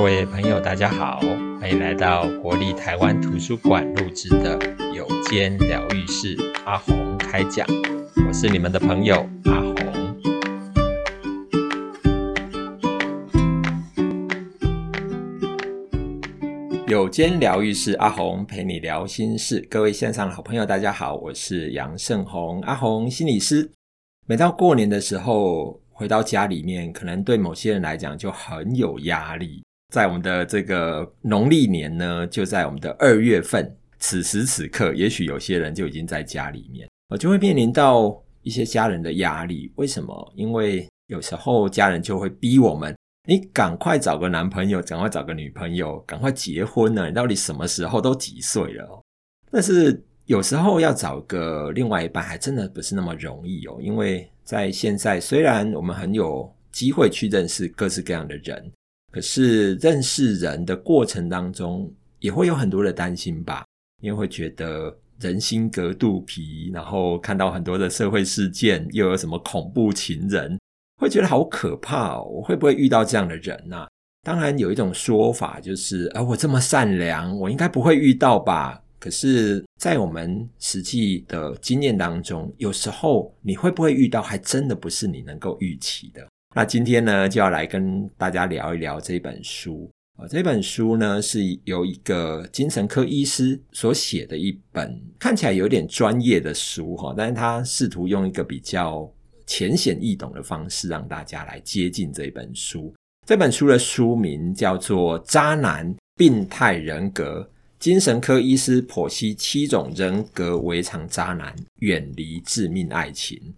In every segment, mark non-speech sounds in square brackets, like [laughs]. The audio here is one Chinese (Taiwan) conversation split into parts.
各位朋友，大家好，歡迎來到國立台灣圖書館錄製的友間聊癒室阿弘開講。我是你們的朋友阿弘。友間聊癒室阿弘陪你聊心事。各位線上的好朋友，大家好，我是楊聖弘阿弘心理師。每到過年的時候，回到家裡面，可能對某些人來講就很有壓力。在我們的這個農曆年呢，就在我們的二月份，此時此刻，也許有些人就已經在家裡面，我就會面臨到一些家人的壓力。為什麼？因為有時候家人就會逼我們，你趕快找個男朋友，趕快找個女朋友，趕快結婚了，你到底什麼時候都幾歲了？但是有時候要找個另外一半，還真的不是那麼容易哦。因為在現在，雖然我們很有機會去認識各式各樣的人。可是認識人的過程當中，也會有很多的擔心吧？因為會覺得人心隔肚皮，然後看到很多的社會事件，又有什麼恐怖情人，會覺得好可怕哦！我會不會遇到這樣的人吶、啊？當然有一種說法就是，啊、呃，我這麼善良，我應該不會遇到吧？可是，在我們實際的經驗當中，有時候你會不會遇到，還真的不是你能夠預期的。那今天呢，就要來跟大家聊一聊這本書啊。這本書呢，是由一個精神科醫師所寫的一本看起來有點專業的書哈，但是他試圖用一個比較淺顯易懂的方式讓大家來接近這本書。這本書的書名叫做《渣男病態人格》，精神科醫師剖析七種人格違常渣男，遠離致命愛情。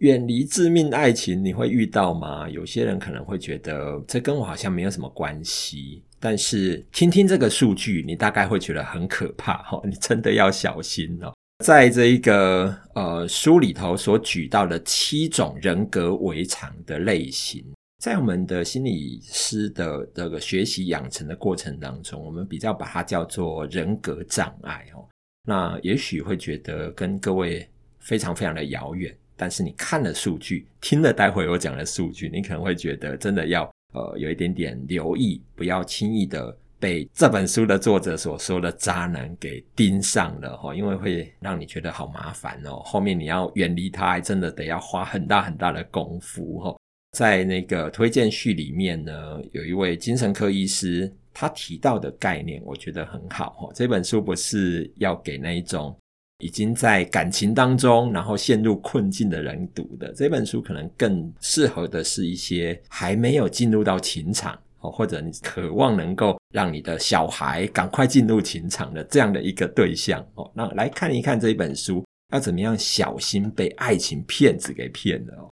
遠離致命愛情，你會遇到嗎？有些人可能會覺得這跟我好像沒有什麼關係。但是聽聽這個數據，你大概會覺得很可怕，你真的要小心哦。在這一個呃書裡頭所舉到的七種人格違常的類型，在我們的心理師的這個學習養成的過程當中，我們比較把它叫做人格障礙哦。那也許會覺得跟各位非常非常的遙遠。但是你看了數據，聽了待會我講的數據，你可能會覺得真的要呃有一點點留意，不要輕易的被這本書的作者所說的渣男給盯上了齁，因為會讓你覺得好麻煩哦。後面你要遠離他，還真的得要花很大很大的功夫齁。在那個推薦序裡面呢，有一位精神科醫師，他提到的概念，我覺得很好齁。這本書不是要給那一種。已經在感情當中，然後陷入困境的人讀的這本書，可能更適合的是一些還沒有進入到情場，或者你渴望能夠讓你的小孩趕快進入情場的這樣的一個對象哦。那來看一看這一本書，要怎麼樣小心被愛情騙子給騙了。哦。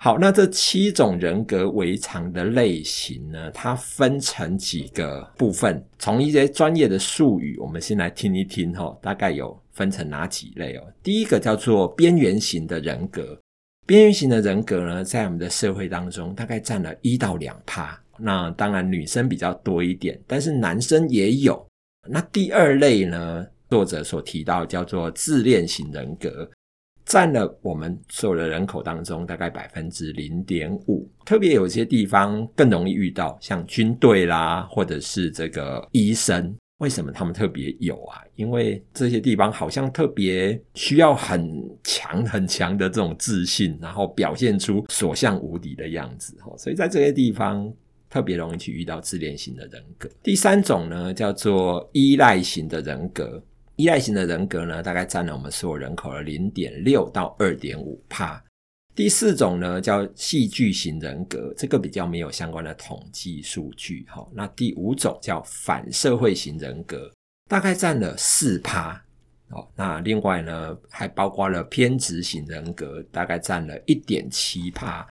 好，那這七種人格違常的類型呢，它分成幾個部分，從一些專業的術語，我們先來聽一聽哈，大概有。分成哪幾類哦？第一個叫做邊緣型的人格，邊緣型的人格呢，在我們的社會當中大概占了一到兩趴。那當然女生比較多一點，但是男生也有。那第二類呢，作者所提到叫做自戀型人格，占了我們所有的人口當中大概百分之零點五。特別有些地方更容易遇到，像軍隊啦，或者是這個醫生。為什麼他們特別有啊？因為這些地方好像特別需要很強很強的這種自信，然後表現出所向無敵的樣子。所以在這些地方特別容易去遇到自戀型的人格。第三種呢，叫做依賴型的人格。依賴型的人格呢，大概占了我們所有人口的零點六到二點五趴。第四種呢，叫戲劇型人格，這個比較沒有相關的統計數據。那第五種叫反社會型人格，大概占了四趴。那另外呢，還包括了偏執型人格，大概占了一點七趴。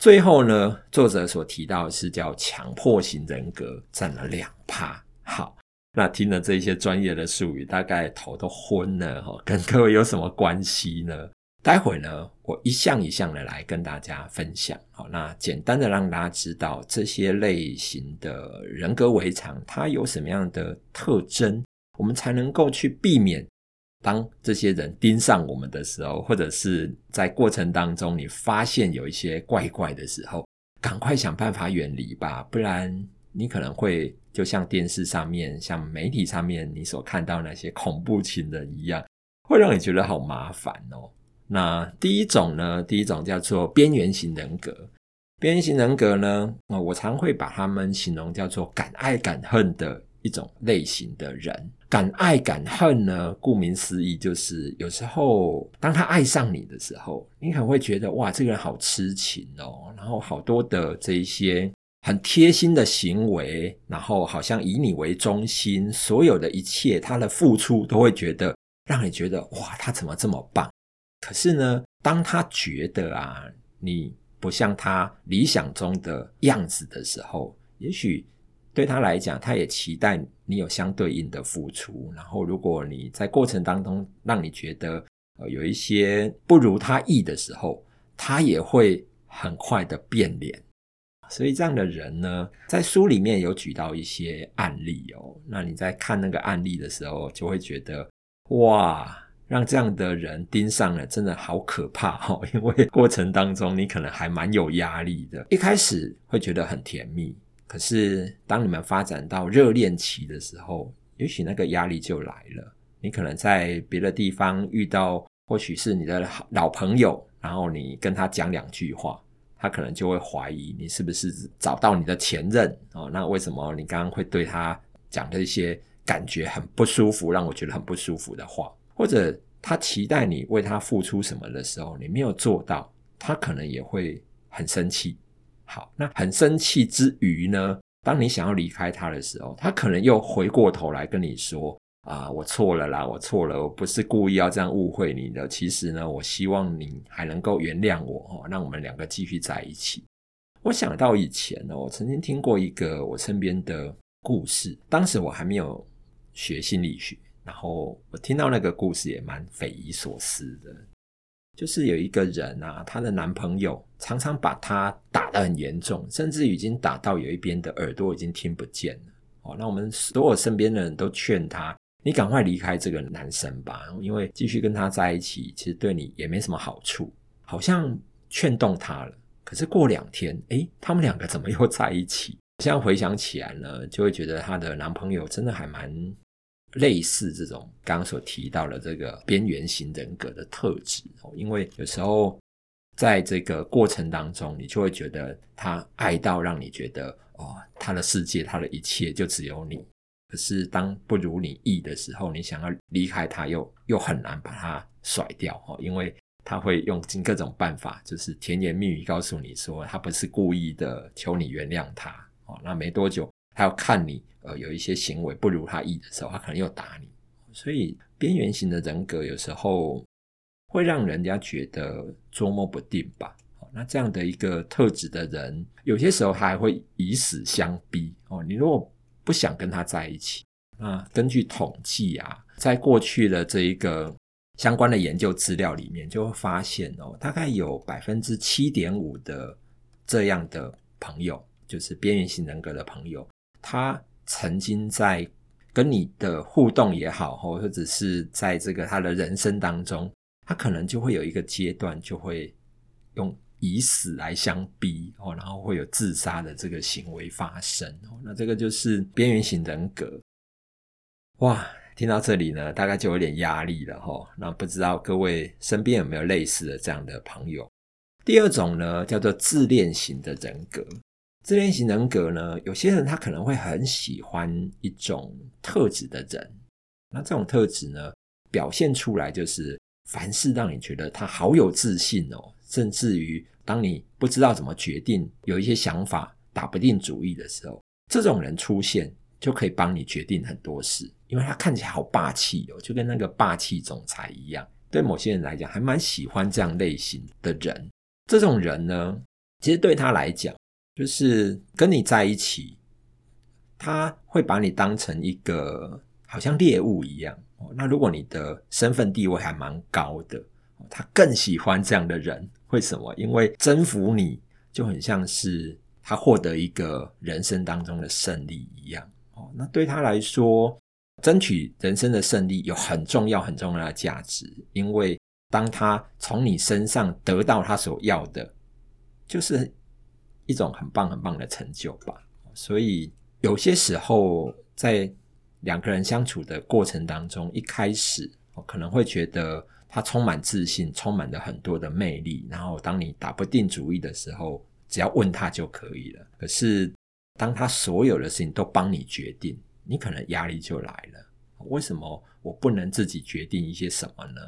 最後呢，作者所提到的是叫強迫型人格，占了兩趴。好，那聽了這些專業的術語，大概頭都昏了。哈，跟各位有什麼關係呢？待會呢，我一項一項的來跟大家分享。好，那簡單的讓大家知道這些類型的人格違常，它有什麼樣的特徵，我們才能夠去避免。當這些人盯上我們的時候，或者是在過程當中，你發現有一些怪怪的時候，趕快想辦法遠離吧，不然你可能會就像電視上面、像媒體上面你所看到那些恐怖情人一樣，會讓你覺得好麻煩哦。那第一種呢？第一種叫做邊緣型人格。邊緣型人格呢，我常會把他們形容叫做敢愛敢恨的一種類型的人。敢愛敢恨呢，顧名思義，就是有時候當他愛上你的時候，你可能會覺得哇，這個人好痴情哦，然後好多的這一些很貼心的行為，然後好像以你為中心，所有的一切他的付出都會覺得讓你覺得哇，他怎麼這麼棒？可是呢，當他覺得啊，你不像他理想中的樣子的時候，也許對他來講，他也期待你有相對應的付出。然後，如果你在過程當中讓你覺得呃有一些不如他意的時候，他也會很快的變臉。所以，這樣的人呢，在書裡面有舉到一些案例哦。那你在看那個案例的時候，就會覺得哇，讓這樣的人盯上了，真的好可怕哈、哦！因為過程當中，你可能還蠻有壓力的。一開始會覺得很甜蜜，可是當你們發展到熱戀期的時候，也許那個壓力就來了。你可能在別的地方遇到，或許是你的老朋友，然後你跟他講兩句話，他可能就會懷疑你是不是找到你的前任哦？那為什麼你剛剛會對他講這些感覺很不舒服，讓我覺得很不舒服的話？或者他期待你為他付出什麼的時候，你沒有做到，他可能也會很生氣。好，那很生氣之餘呢，當你想要離開他的時候，他可能又回過頭來跟你說：“啊，我錯了啦，我錯了，我不是故意要這樣誤會你的。其實呢，我希望你還能夠原諒我哦，讓我們兩個繼續在一起。”我想到以前呢，我曾經聽過一個我身邊的故事，當時我還沒有學心理學。然後我聽到那個故事也蠻匪夷所思的，就是有一個人啊，她的男朋友常常把她打得很嚴重，甚至已經打到有一邊的耳朵已經聽不見了。哦，那我們所有身邊的人都勸她，你趕快離開這個男生吧，因為繼續跟他在一起，其實對你也沒什麼好處。好像勸動她了，可是過兩天，哎，他們兩個怎麼又在一起？現在回想起來呢，就會覺得她的男朋友真的還蠻。類似這種剛剛所提到的這個邊緣型人格的特質哦，因為有時候在這個過程當中，你就會覺得他愛到讓你覺得哦，他的世界、他的一切就只有你，可是當不如你意的時候，你想要離開他，又又很難把他甩掉哦，因為他會用盡各種辦法，就是甜言蜜語告訴你說他不是故意的，求你原諒他哦，那沒多久。還要看你，呃，有一些行為不如他意的時候，他可能又打你。所以，邊緣型的人格有時候會讓人家覺得捉摸不定吧。那這樣的一個特質的人，有些時候他還會以死相逼哦。你如果不想跟他在一起，那根據統計啊，在過去的這一個相關的研究資料裡面，就會發現哦，大概有百分之七點五的這樣的朋友，就是邊緣型人格的朋友。他曾經在跟你的互動也好，或者是在這個他的人生當中，他可能就會有一個階段，就會用以死來相逼哦，然後會有自殺的這個行為發生。那這個就是邊緣型人格。哇，聽到這裡呢，大概就有點壓力了。那不知道各位身邊有沒有類似的這樣的朋友？第二種呢，叫做自戀型的人格。自戀型人格呢，有些人他可能會很喜歡一種特質的人，那這種特質呢，表現出來就是凡事讓你覺得他好有自信哦，甚至於當你不知道怎麼決定，有一些想法打不定主意的時候，這種人出現就可以幫你決定很多事，因為他看起來好霸氣哦，就跟那個霸氣總裁一樣。對某些人來講，還蠻喜歡這樣類型的人。這種人呢，其實對他來講，就是跟你在一起，他會把你當成一個好像獵物一樣哦。那如果你的身份地位還蠻高的，他更喜歡這樣的人。為什麼？因為征服你就很像是他獲得一個人生當中的勝利一樣哦。那對他來說，爭取人生的勝利有很重要很重要的價值，因為當他從你身上得到他所要的，就是。一種很棒很棒的成就吧，所以有些時候在兩個人相處的過程當中，一開始可能會覺得他充滿自信，充滿了很多的魅力，然後當你打不定主意的時候，只要問他就可以了。可是當他所有的事情都幫你決定，你可能壓力就來了。為什麼我不能自己決定一些什麼呢？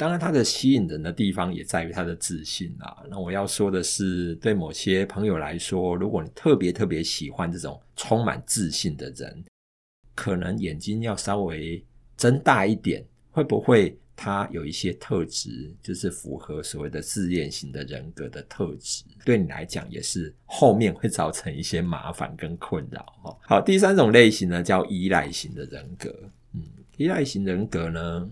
當然，他的吸引人的地方也在於他的自信啦、啊。那我要說的是，對某些朋友來說，如果你特別特別喜歡這種充滿自信的人，可能眼睛要稍微睜大一點，會不會他有一些特質，就是符合所謂的自戀型的人格的特質？對你來講，也是後面會造成一些麻煩跟困擾。好，第三種類型呢，叫依賴型的人格。嗯，依賴型人格呢，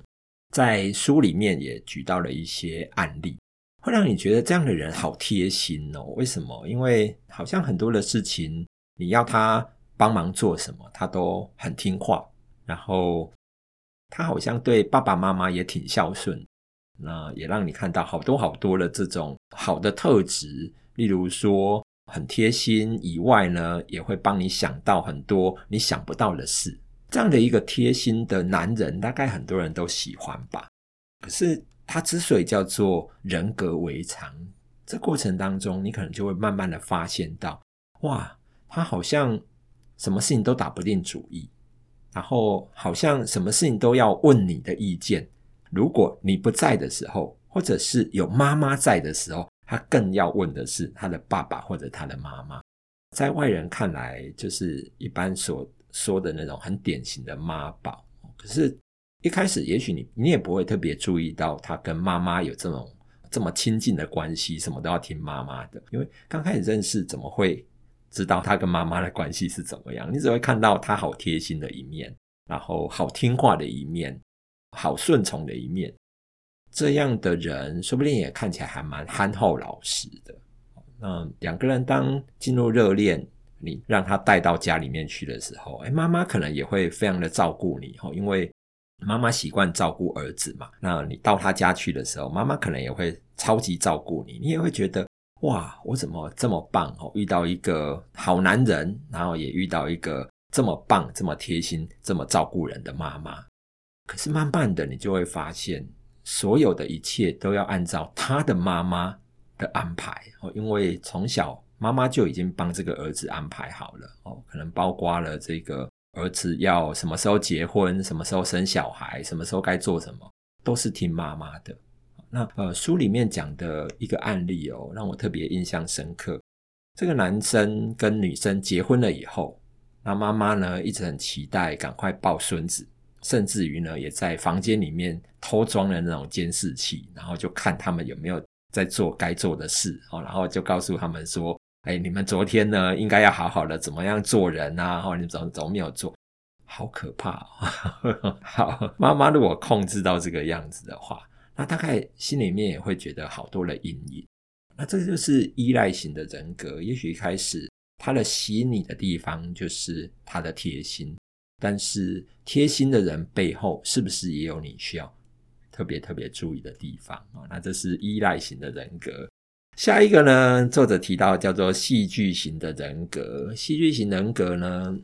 在書裡面也舉到了一些案例，會讓你覺得這樣的人好貼心哦。為什麼？因為好像很多的事情，你要他幫忙做什麼，他都很聽話。然後他好像對爸爸媽媽也挺孝順。那也讓你看到好多好多的這種好的特質，例如說，很貼心以外呢，也會幫你想到很多你想不到的事。這樣的一個貼心的男人，大概很多人都喜歡吧。可是他之所以叫做人格違常，這過程當中，你可能就會慢慢的發現到，哇，他好像什麼事情都打不定主意，然後好像什麼事情都要問你的意見。如果你不在的時候，或者是有媽媽在的時候，他更要問的是他的爸爸或者他的媽媽。在外人看來，就是一般所說的那種很典型的媽寶，可是，一開始也許你你也不會特別注意到他跟媽媽有這種這麼親近的關係，什麼都要聽媽媽的。因為剛開始認識，怎麼會知道他跟媽媽的關係是怎麼樣？你只會看到他好貼心的一面，然後好聽話的一面，好順從的一面。這樣的人說不定也看起來還蠻憨厚老實的。那兩個人當進入熱戀，你讓他帶到家裡面去的時候，哎，媽媽可能也會非常的照顧你哦，因為媽媽習慣照顧兒子嘛。那你到他家去的時候，媽媽可能也會超級照顧你，你也會覺得哇，我怎麼這麼棒哦？遇到一個好男人，然後也遇到一個這麼棒、這麼貼心、這麼照顧人的媽媽。可是慢慢的，你就會發現，所有的一切都要按照他的媽媽的安排，因為從小。媽媽就已經幫這個兒子安排好了哦，可能包括了這個兒子要什麼時候結婚、什麼時候生小孩、什麼時候該做什麼，都是聽媽媽的。那呃，書裡面講的一個案例哦，讓我特別印象深刻。這個男生跟女生結婚了以後，那媽媽呢一直很期待趕快抱孫子，甚至於呢也在房間裡面偷裝了那種監視器，然後就看他們有沒有在做該做的事哦，然後就告訴他們說，哎，你們昨天呢，應該要好好的怎麼樣做人吶？哦，你們怎麼怎麼沒有做，好可怕哦！ [laughs] 好，媽媽如果控制到這個樣子的話，那大概心裡面也會覺得好多的陰影。那這就是依賴型的人格。也許一開始他的吸引你的地方就是他的貼心，但是貼心的人背後是不是也有你需要特別特別注意的地方啊？那這是依賴型的人格。下一個呢？作者提到叫做戲劇型的人格。戲劇型人格呢，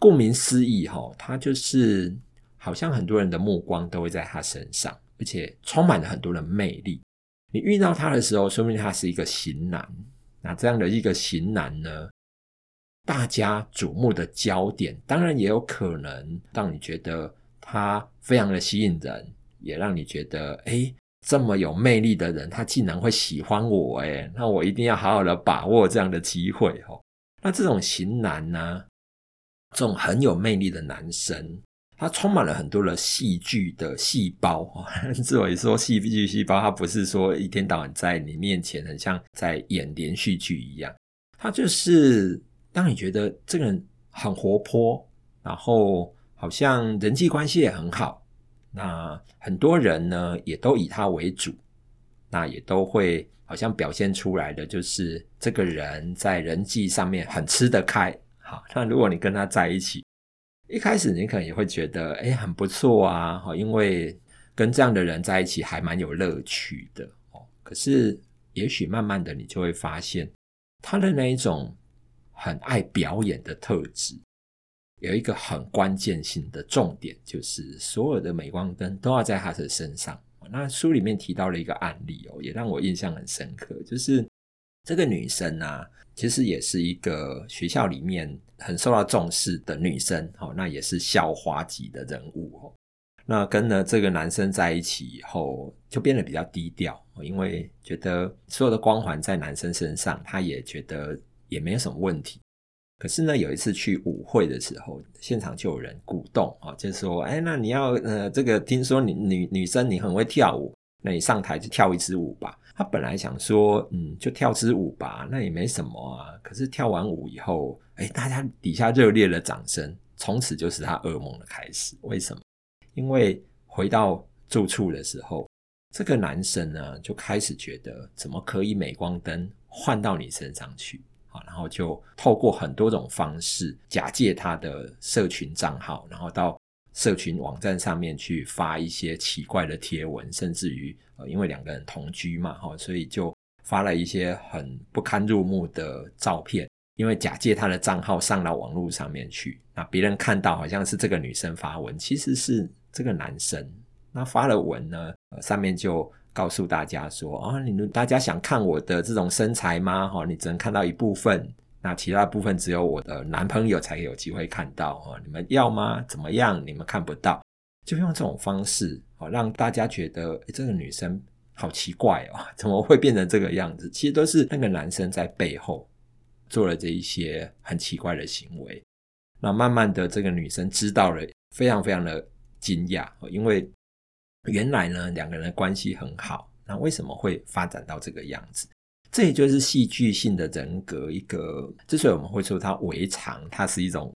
顧名思義，哦，哈，他就是好像很多人的目光都會在他身上，而且充滿了很多的魅力。你遇到他的時候，說明他是一個型男。那這樣的一個型男呢，大家矚目的焦點，當然也有可能讓你覺得他非常的吸引人，也讓你覺得，誒這麼有魅力的人，他竟然會喜歡我，誒，那我一定要好好的把握這樣的機會哦。那這種型男呢、啊，這種很有魅力的男生，他充滿了很多的戲劇的細胞。所以說，戲劇細胞，他不是說一天到晚在你面前很像在演連續劇一樣，他就是當你覺得這個人很活潑，然後好像人際關係也很好。那很多人呢，也都以他為主，那也都會好像表現出來的，就是這個人在人際上面很吃得開。好，那如果你跟他在一起，一開始你可能也會覺得，哎，很不錯啊，因為跟這樣的人在一起還蠻有樂趣的。哦，可是也許慢慢的，你就會發現他的那一種很愛表演的特質。有一個很關鍵性的重點，就是所有的鎂光燈都要在他的身上。那書裡面提到了一個案例哦，也讓我印象很深刻，就是這個女生啊，其實也是一個學校裡面很受到重視的女生，哦，那也是校花級的人物哦。那跟了這個男生在一起以後，就變得比較低調，因為覺得所有的光環在男生身上，她也覺得也沒有什麼問題。可是呢，有一次去舞會的時候，現場就有人鼓動啊，就說：“哎，那你要呃，這個聽說你女女生你很會跳舞，那你上台就跳一支舞吧。”他本來想說：“嗯，就跳支舞吧，那也沒什麼啊。”可是跳完舞以後，哎，大家底下熱烈的掌聲，從此就是他噩夢的開始。為什麼？因為回到住處的時候，這個男生呢，就開始覺得怎麼可以鎂光燈換到你身上去？然後就透過很多種方式，假借他的社群賬號，然後到社群網站上面去發一些奇怪的貼文，甚至於呃，因為兩個人同居嘛，哈、哦，所以就發了一些很不堪入目的照片。因為假借他的賬號上到網絡上面去，那別人看到好像是這個女生發文，其實是這個男生。那發了文呢，呃、上面就。告訴大家說啊，你們大家想看我的這種身材嗎？哈，你只能看到一部分，那其他部分只有我的男朋友才有機會看到哦。你們要嗎？怎麼樣？你們看不到，就用這種方式哦，讓大家覺得這個女生好奇怪哦，怎麼會變成這個樣子？其實都是那個男生在背後做了這一些很奇怪的行為。那慢慢的，這個女生知道了，非常非常的驚訝，因為。原來呢，兩個人的關係很好，那為什麼會發展到這個樣子？這也就是戲劇性的人格一個。之所以我們會說它違常，它是一種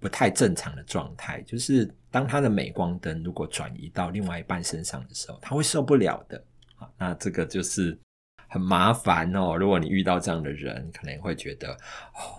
不太正常的狀態。就是當他的鎂光燈如果轉移到另外一半身上的時候，他會受不了的。那這個就是很麻煩哦。如果你遇到這樣的人，可能會覺得哦，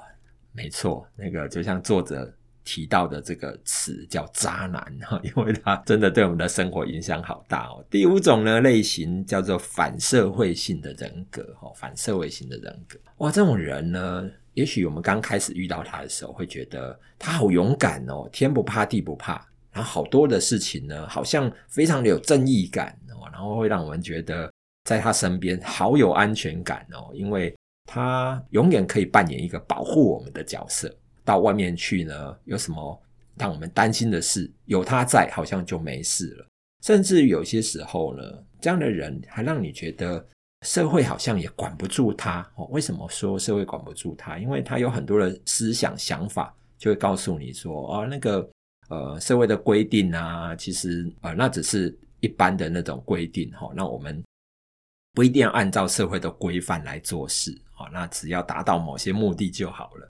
沒錯，那個就像作者。提到的這個詞叫“渣男”哈，因為他真的對我們的生活影響好大哦。第五種呢，類型叫做反社會性的人格哈，反社會性的人格。哇，這種人呢，也許我們剛開始遇到他的時候會覺得他好勇敢哦，天不怕地不怕，然後好多的事情呢，好像非常的有正義感哦，然後會讓我們覺得在他身邊好有安全感哦，因為他永遠可以扮演一個保護我們的角色。到外面去呢，有什麼讓我們擔心的事？有他在，好像就沒事了。甚至有些時候呢，這樣的人還讓你覺得社會好像也管不住他。哦、為什麼說社會管不住他？因為他有很多的思想想法，就會告訴你說：“啊、哦，那個呃，社會的規定啊，其實呃那只是一般的那種規定。哈、哦，那我們不一定要按照社會的規範來做事。好、哦，那只要達到某些目的就好了。”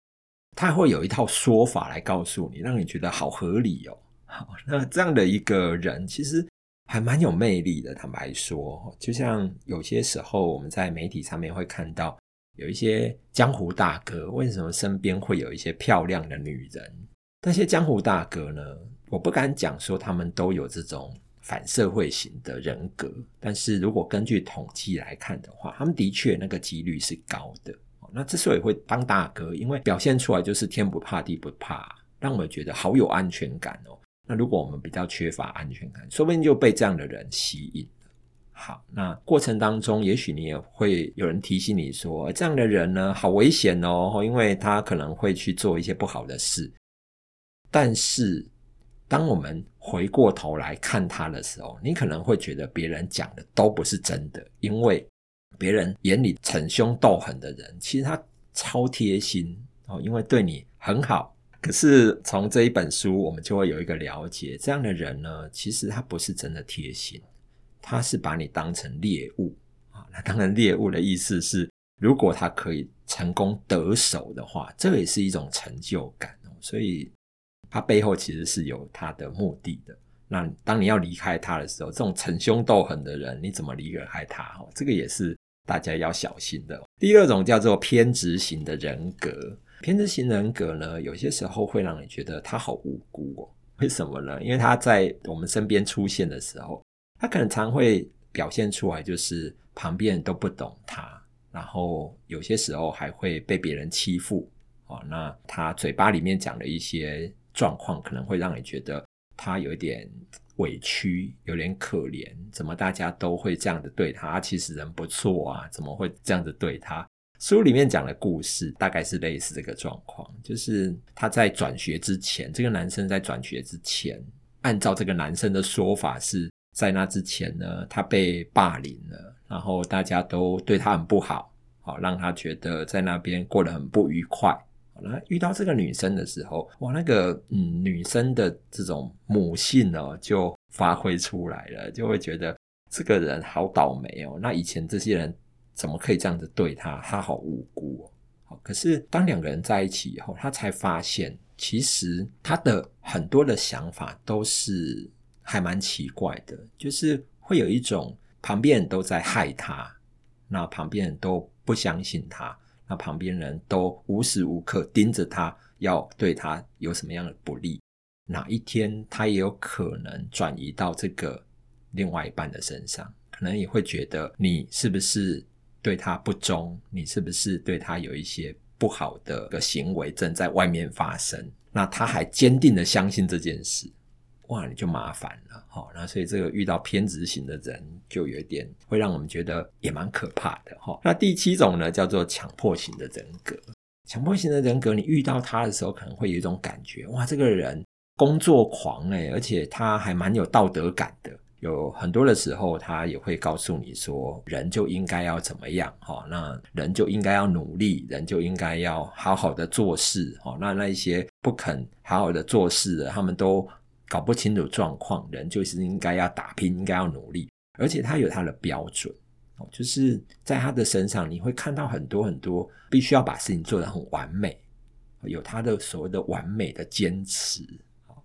他會有一套說法來告訴你，讓你覺得好合理哦。好，那這樣的一個人其實還蠻有魅力的，坦白說。就像有些時候我們在媒體上面會看到有一些江湖大哥，為什麼身邊會有一些漂亮的女人？那些江湖大哥呢？我不敢講說他們都有這種反社會型的人格，但是如果根據統計來看的話，他們的確那個幾率是高的。那之所以會當大哥，因為表現出來就是天不怕地不怕，讓我們覺得好有安全感哦。那如果我們比較缺乏安全感，說不定就被這樣的人吸引了。好，那過程當中，也許你也會有人提醒你說，這樣的人呢，好危險哦，因為他可能會去做一些不好的事。但是，當我們回過頭來看他的時候，你可能會覺得別人講的都不是真的，因為。別人眼裡逞兇鬥狠的人，其實他超貼心哦，因為對你很好。可是從這一本書，我們就會有一個了解，這樣的人呢，其實他不是真的貼心，他是把你當成獵物啊。那當然，獵物的意思是，如果他可以成功得手的話，這也是一種成就感哦。所以，他背後其實是有他的目的的。那當你要離開他的時候，這種逞兇鬥狠的人，你怎麼離開他？哦，這個也是大家要小心的。第二種叫做偏執型的人格，偏執型人格呢，有些時候會讓你覺得他好無辜哦。為什麼呢？因為他在我們身邊出現的時候，他可能常會表現出來，就是旁邊人都不懂他，然後有些時候還會被別人欺負哦，那他嘴巴裡面講的一些狀況，可能會讓你覺得。他有點委屈，有點可憐，怎麼大家都會這樣子對他？他其實人不錯啊，怎麼會這樣子對他？書裡面講的故事大概是類似這個狀況，就是他在轉學之前，這個男生在轉學之前，按照這個男生的說法是，是在那之前呢，他被霸凌了，然後大家都對他很不好，好讓他覺得在那邊過得很不愉快。那遇到這個女生的時候，哇，那個嗯，女生的這種母性呢、哦，就發揮出來了，就會覺得這個人好倒霉哦。那以前這些人怎麼可以這樣子對他？他好無辜哦。好，可是當兩個人在一起以後，他才發現，其實他的很多的想法都是還蠻奇怪的，就是會有一種旁邊人都在害他，那旁邊人都不相信他。那旁邊人都無時無刻盯着他，要對他有什麼樣的不利，哪一天他也有可能轉移到這個另外一半的身上，可能也會覺得你是不是對他不忠，你是不是對他有一些不好的個行為正在外面發生？那他還堅定的相信這件事。哇，你就麻煩了，哈、哦，那所以這個遇到偏執型的人，就有點會讓我們覺得也蠻可怕的，哈、哦。那第七種呢，叫做強迫型的人格。強迫型的人格，你遇到他的時候，可能會有一種感覺，哇，這個人工作狂哎、欸，而且他還蠻有道德感的。有很多的時候，他也會告訴你說，人就應該要怎麼樣，哈、哦，那人就應該要努力，人就應該要好好的做事，哦、那那一些不肯好好的做事的，他們都。搞不清楚狀況，人就是應該要打拼，應該要努力，而且他有他的標準，哦，就是在他的身上你會看到很多很多，必須要把事情做得很完美，有他的所謂的完美的堅持，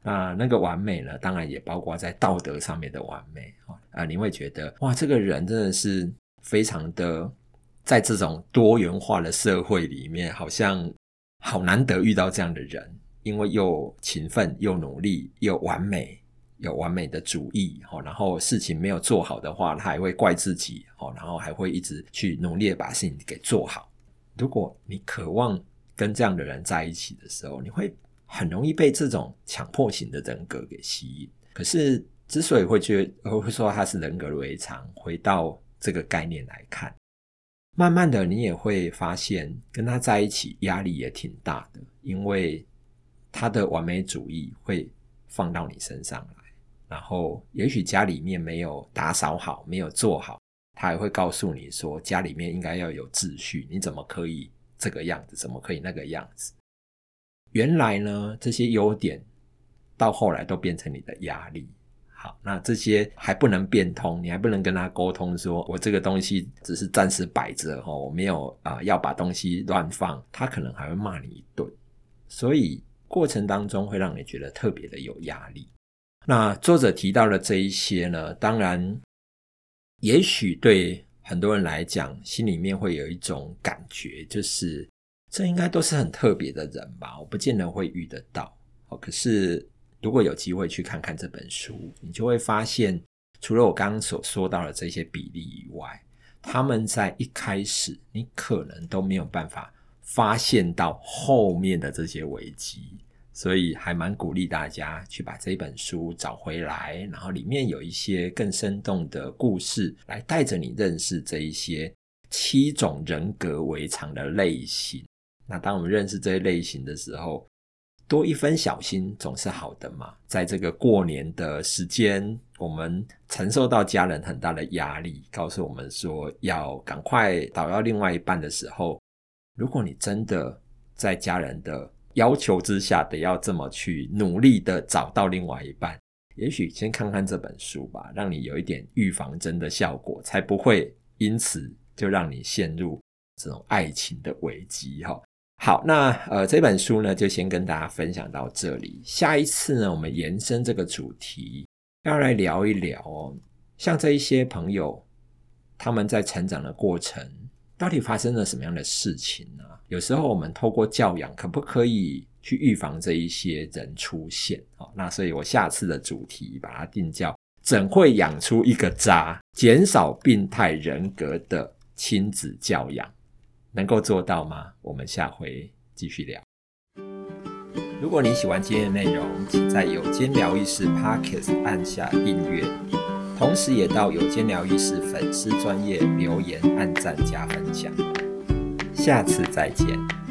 啊，那個完美呢，當然也包括在道德上面的完美，啊，你會覺得哇，這個人真的是非常的，在這種多元化的社會裡面，好像好難得遇到這樣的人。因為又勤奮又努力又完美，有完美的主義，然後事情沒有做好的話，他還會怪自己，然後還會一直去努力把事情給做好。如果你渴望跟這樣的人在一起的時候，你會很容易被這種強迫型的人格給吸引。可是之所以會覺得會說他是人格的違常，回到這個概念來看，慢慢的你也會發現跟他在一起壓力也挺大的，因為。他的完美主義會放到你身上來，然後也許家裡面沒有打掃好，沒有做好，他還會告訴你說家裡面應該要有秩序，你怎麼可以這個樣子，怎麼可以那個樣子？原來呢，這些優點到後來都變成你的壓力。好，那這些還不能變通，你還不能跟他溝通說，說我這個東西只是暫時擺着哈，我沒有啊、呃，要把東西亂放，他可能還會罵你一頓，所以。過程當中會讓你覺得特別的有壓力。那作者提到的這一些呢，當然，也許對很多人來講，心裡面會有一種感覺，就是這應該都是很特別的人吧，我不見得會遇得到。哦，可是如果有機會去看看這本書，你就會發現，除了我剛剛所說到的這些比例以外，他們在一開始你可能都沒有辦法。發現到後面的這些危機，所以還蠻鼓勵大家去把這本書找回來，然後裡面有一些更生動的故事來帶着你認識這一些七種人格違常的類型。那當我們認識這些類型的時候，多一分小心總是好的嘛。在這個過年的時間，我們承受到家人很大的壓力，告訴我們說要趕快找到另外一半的時候。如果你真的在家人的要求之下，得要這麼去努力的找到另外一半，也許先看看這本書吧，讓你有一點預防針的效果，才不會因此就讓你陷入這種愛情的危機哈。好，那呃這本書呢，就先跟大家分享到這裡。下一次呢，我們延伸這個主題，要來聊一聊哦，像這一些朋友他們在成長的過程，到底發生了什麼樣的事情呢？有時候我們透過教養，可不可以去預防這一些人出現？好，那所以我下次的主題把它定叫“怎會養出一個渣，減少病態人格的親子教養”，能夠做到嗎？我們下回繼續聊。如果你喜歡今天的內容，請在友間聊癒室 Podcast 按下訂閱。同時，也到友間聊癒室粉絲專頁留言、按讚加分享，下次再見。